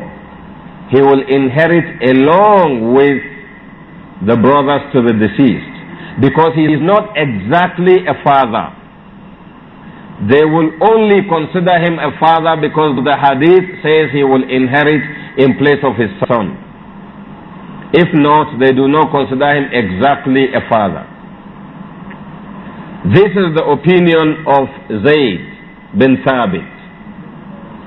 he will inherit along with the brothers to the deceased because he is not exactly a father. They will only consider him a father because the hadith says he will inherit in place of his son. If not, they do not consider him exactly a father. This is the opinion of Zayd bin Thabit,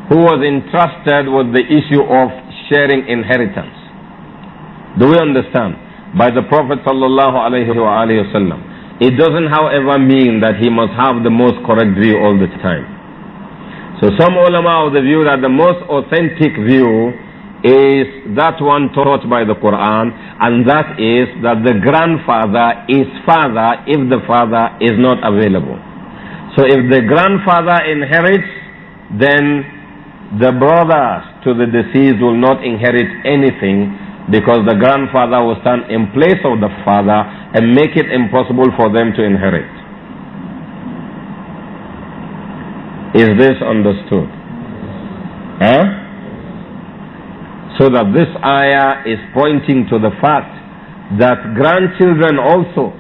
who was entrusted with the issue of sharing inheritance. Do we understand? By the Prophet sallallahu alaihi wasallam. It doesn't, however, mean that he must have the most correct view all the time. So some ulama of the view that the most authentic view is that one taught by the Quran, and that is that the grandfather is father if the father is not available. So if the grandfather inherits, then the brothers to the deceased will not inherit anything because the grandfather will stand in place of the father and make it impossible for them to inherit. Is this understood? Huh? So that this ayah is pointing to the fact that grandchildren also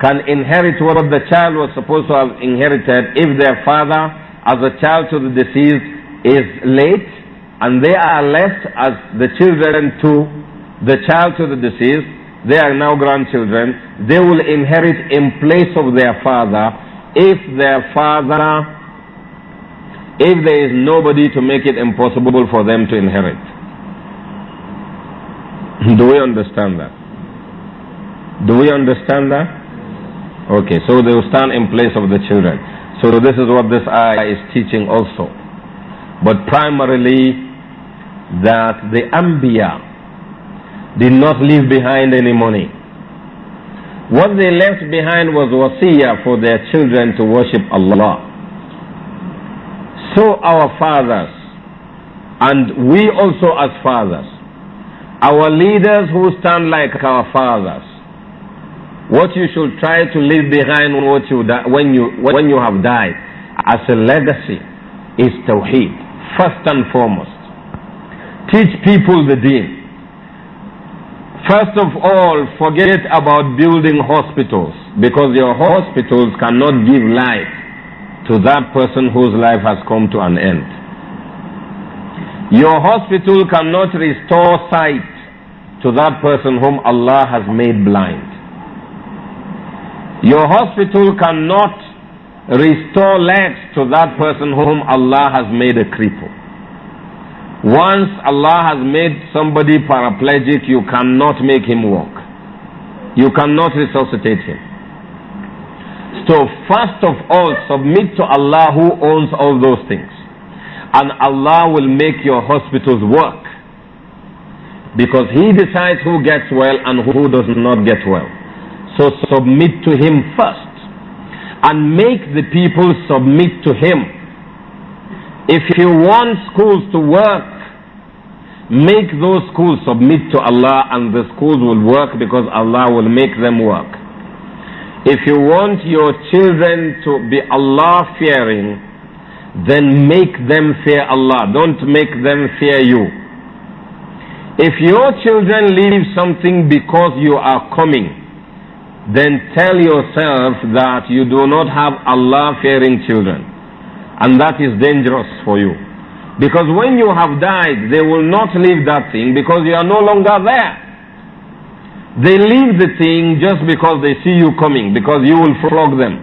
can inherit what the child was supposed to have inherited if their father, as a child to the deceased, is late and they are left as the children to the child to the deceased. They are now grandchildren. They will inherit in place of their father if their father, if there is nobody to make it impossible for them to inherit. Do we understand that? Do we understand that? Okay, so they will stand in place of the children. So this is what this ayah is teaching also. But primarily that the Ambiya did not leave behind any money. What they left behind was wasiyah for their children to worship Allah. So our fathers, and we also as fathers, our leaders who stand like our fathers, what you should try to leave behind when, what you when, you, when you have died as a legacy is Tawheed, first and foremost. Teach people the deen. First of all, forget about building hospitals because your hospitals cannot give life to that person whose life has come to an end. Your hospital cannot restore sight to that person whom Allah has made blind. Your hospital cannot restore legs to that person whom Allah has made a cripple. Once Allah has made somebody paraplegic, you cannot make him walk. You cannot resuscitate him. So, first of all, submit to Allah who owns all those things. And Allah will make your hospitals work. Because He decides who gets well and who does not get well. So submit to him first and make the people submit to him. If you want schools to work, make those schools submit to Allah and the schools will work because Allah will make them work. If you want your children to be Allah fearing, then make them fear Allah. Don't make them fear you. If your children leave something because you are coming, then tell yourself that you do not have Allah fearing children. And that is dangerous for you. Because when you have died, they will not leave that thing because you are no longer there. They leave the thing just because they see you coming, because you will flog them.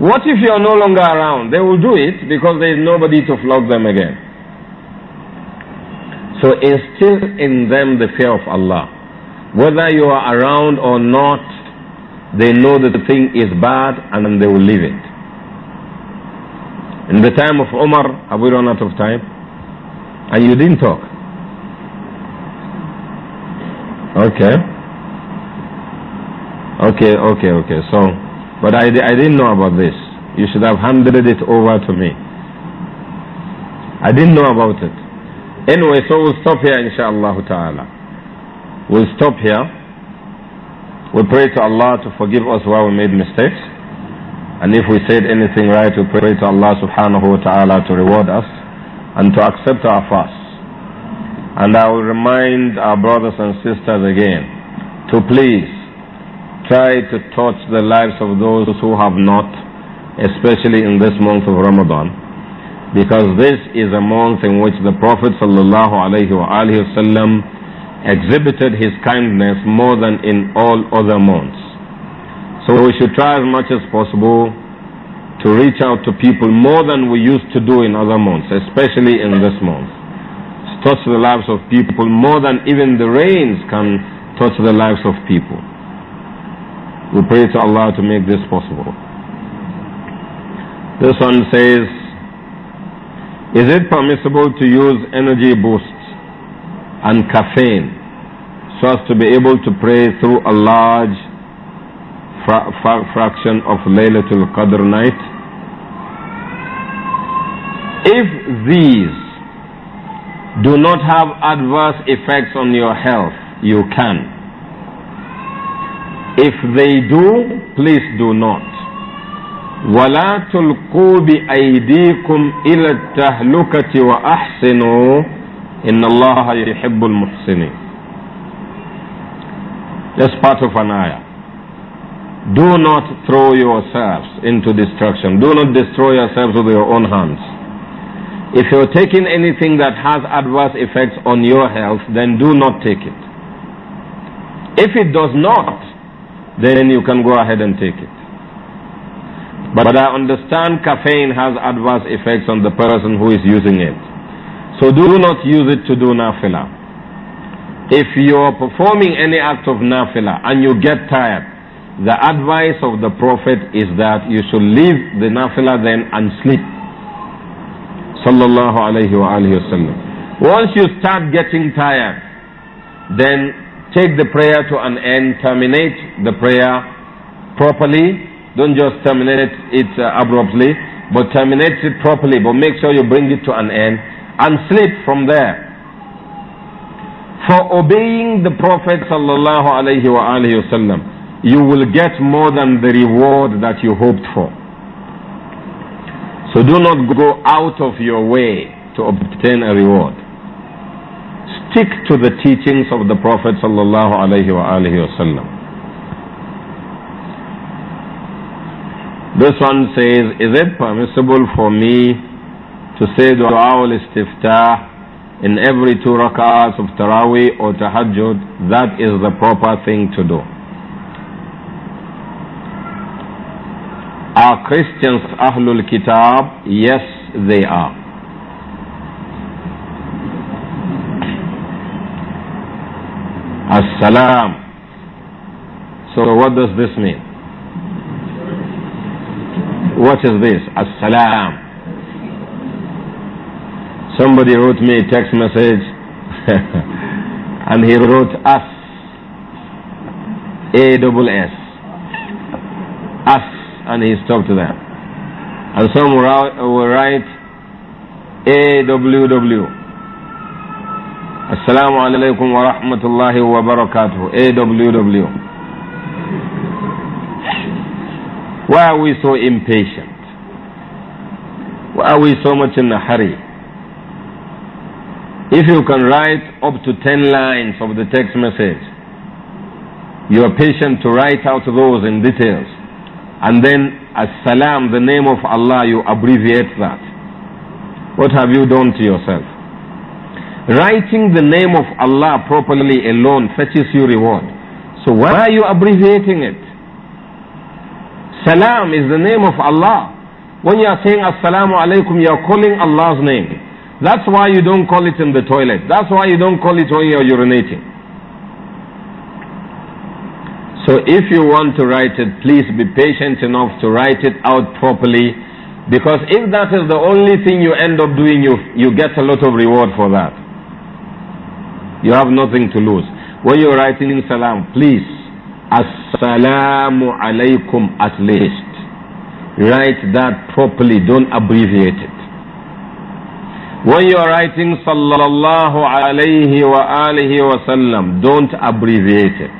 What if you are no longer around? They will do it because there is nobody to flog them again. So instill in them the fear of Allah. Whether you are around or not, they know that the thing is bad and then they will leave it. In the time of Omar, have we run out of time? And you didn't talk. Okay. Okay, okay, okay. So, but I, I didn't know about this. You should have handed it over to me. I didn't know about it. Anyway, so we'll stop here, inshallah ta'ala. We'll stop here. We pray to Allah to forgive us where we made mistakes. And if we said anything right, we pray to Allah subhanahu wa ta'ala to reward us and to accept our fast. And I will remind our brothers and sisters again to please try to touch the lives of those who have not, especially in this month of Ramadan, because this is a month in which the Prophet sallallahu alaihi wasallam exhibited his kindness more than in all other months. So we should try as much as possible to reach out to people more than we used to do in other months, especially in this month. Touch the lives of people more than even the rains can touch the lives of people. We pray to Allah to make this possible. This one says, Is it permissible to use energy boost and caffeine so as to be able to pray through a large fra fra fraction of Laylatul Qadr night. If these do not have adverse effects on your health, you can. If they do, please do not. وَلَا تُلْقُوا بِأَيْدِيكُمْ إِلَى التَّهْلُكَةِ وَأَحْسِنُوا إن الله يحب المحسنين. That's part of an ayah. Do not throw yourselves into destruction. Do not destroy yourselves with your own hands. If you're taking anything that has adverse effects on your health, then do not take it. If it does not, then you can go ahead and take it. But I understand caffeine has adverse effects on the person who is using it. So do not use it to do nafila. If you are performing any act of nafila and you get tired, the advice of the Prophet is that you should leave the nafila then and sleep. Sallallahu alayhi wa Once you start getting tired, then take the prayer to an end, terminate the prayer properly. Don't just terminate it uh, abruptly, but terminate it properly, but make sure you bring it to an end and sleep from there for obeying the Prophet sallallahu alaihi wasallam, you will get more than the reward that you hoped for. So do not go out of your way to obtain a reward. Stick to the teachings of the Prophet sallallahu alaihi wasallam. This one says, is it permissible for me to say dua al-istiftah in every two rak'ahs of Taraweeh or Tahajjud, that is the proper thing to do. Are Christians Ahlul Kitab? Yes, they are. as So what does this mean? What is this? As-salam. Somebody wrote me a text message and he wrote us. A double S. Us. And he stopped there. And some will write A W W. Assalamu alaikum wa rahmatullahi wa barakatuh. A W W. Why are we so impatient? Why are we so much in a hurry? If you can write up to 10 lines of the text message, you are patient to write out those in details. And then, as salam, the name of Allah, you abbreviate that. What have you done to yourself? Writing the name of Allah properly alone fetches you reward. So why are you abbreviating it? Salam is the name of Allah. When you are saying Assalamu alaikum, you are calling Allah's name. That's why you don't call it in the toilet. That's why you don't call it when you're urinating. So if you want to write it, please be patient enough to write it out properly. Because if that is the only thing you end up doing, you, you get a lot of reward for that. You have nothing to lose. When you're writing in salam, please, assalamu alaikum at least. Write that properly, don't abbreviate it. When you are writing sallallahu alayhi wa alihi wasallam, don't abbreviate it.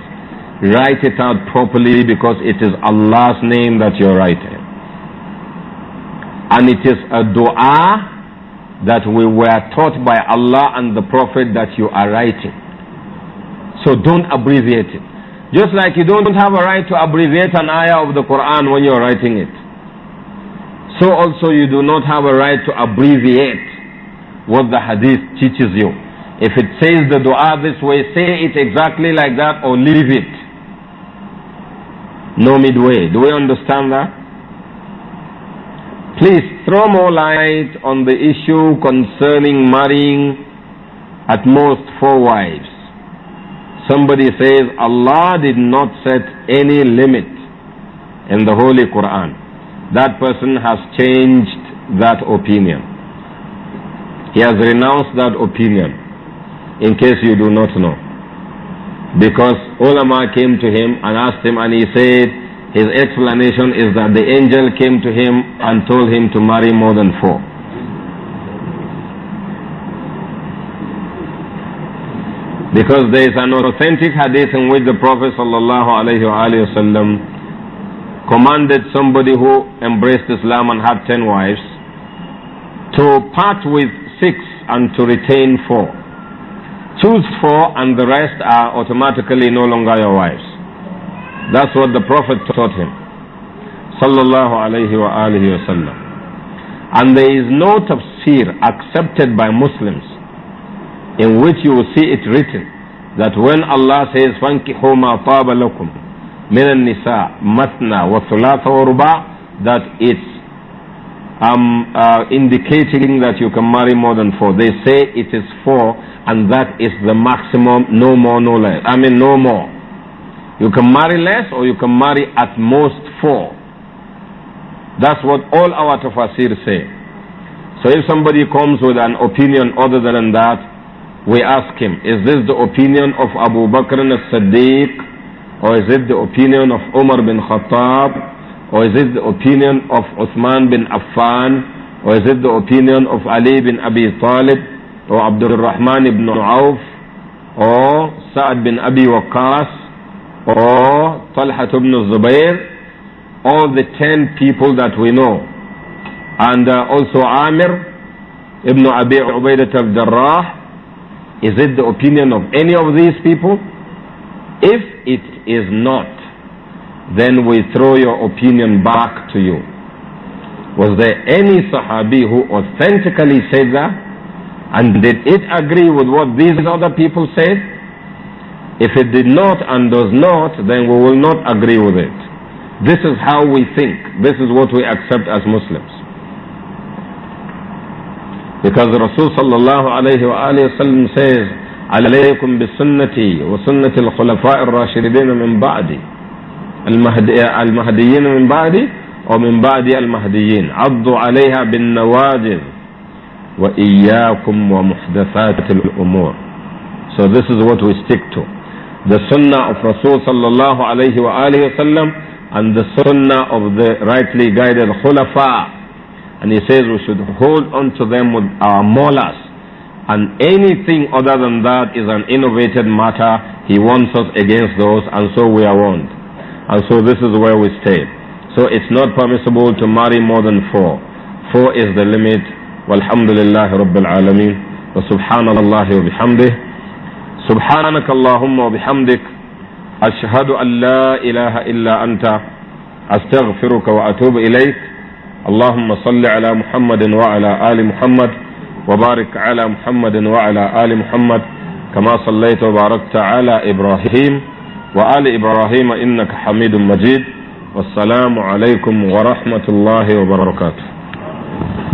Write it out properly because it is Allah's name that you're writing. And it is a dua that we were taught by Allah and the Prophet that you are writing. So don't abbreviate it. Just like you don't have a right to abbreviate an ayah of the Quran when you're writing it. So also you do not have a right to abbreviate what the hadith teaches you. If it says the dua this way, say it exactly like that or leave it. No midway. Do we understand that? Please throw more light on the issue concerning marrying at most four wives. Somebody says Allah did not set any limit in the Holy Quran. That person has changed that opinion. He has renounced that opinion, in case you do not know. Because ulama came to him and asked him, and he said his explanation is that the angel came to him and told him to marry more than four. Because there is an authentic hadith in which the Prophet ﷺ commanded somebody who embraced Islam and had ten wives to part with six and to retain four. Choose four and the rest are automatically no longer your wives. That's what the Prophet taught him. Sallallahu alayhi wa wasallam. And there is no tafsir accepted by Muslims in which you will see it written that when Allah says, فَانْكِحُوا مَا طَابَ لَكُمْ مِنَ النِّسَاءِ مَثْنَى وَثُلَاثَ وَرُبَعَ that it's um, uh, indicating that you can marry more than four. They say it is four, and that is the maximum, no more, no less. I mean, no more. You can marry less, or you can marry at most four. That's what all our tafsir say. So if somebody comes with an opinion other than that, we ask him, is this the opinion of Abu Bakr as-Siddiq, or is it the opinion of Umar bin Khattab, or is it the opinion of Uthman bin Affan? Or is it the opinion of Ali bin Abi Talib? Or Abdul Rahman ibn Auf? Or Sa'ad bin Abi Waqas, Or Talha ibn Zubayr? All the ten people that we know. And uh, also Amir ibn Abi Ubaidat al-Darrah. Is it the opinion of any of these people? If it is not, then we throw your opinion back to you. Was there any Sahabi who authentically said that? And did it agree with what these other people said? If it did not and does not, then we will not agree with it. This is how we think. This is what we accept as Muslims. Because Rasul sallallahu alayhi wa sallam says, عليكم بسنتي وسنة الخلفاء الراشدين من بعدي المهديين من بعدي ومن بعد المهديين عضوا عليها بالنواجذ وإياكم ومحدثات الأمور So this is what we stick to. The sunnah of Rasul sallallahu alayhi wa alayhi and the sunnah of the rightly guided khulafa. And he says we should hold on to them with our molars. And anything other than that is an innovated matter. He warns us against those and so we are warned and so this is where we stay. So it's not permissible to marry more than four. Four is the limit. Walhamdulillahi Rabbil Alameen. Wa subhanallahi wa bihamdih. bihamdik. Ashhadu an la ilaha illa anta. Astaghfiruka wa atubu ilayk. Allahumma salli ala Muhammadin wa ala ali Muhammad. وبارك على wa وعلى ال Muhammad. كما صليت وباركت على Ibrahim. وآل إبراهيم إنك حميد مجيد والسلام عليكم ورحمة الله وبركاته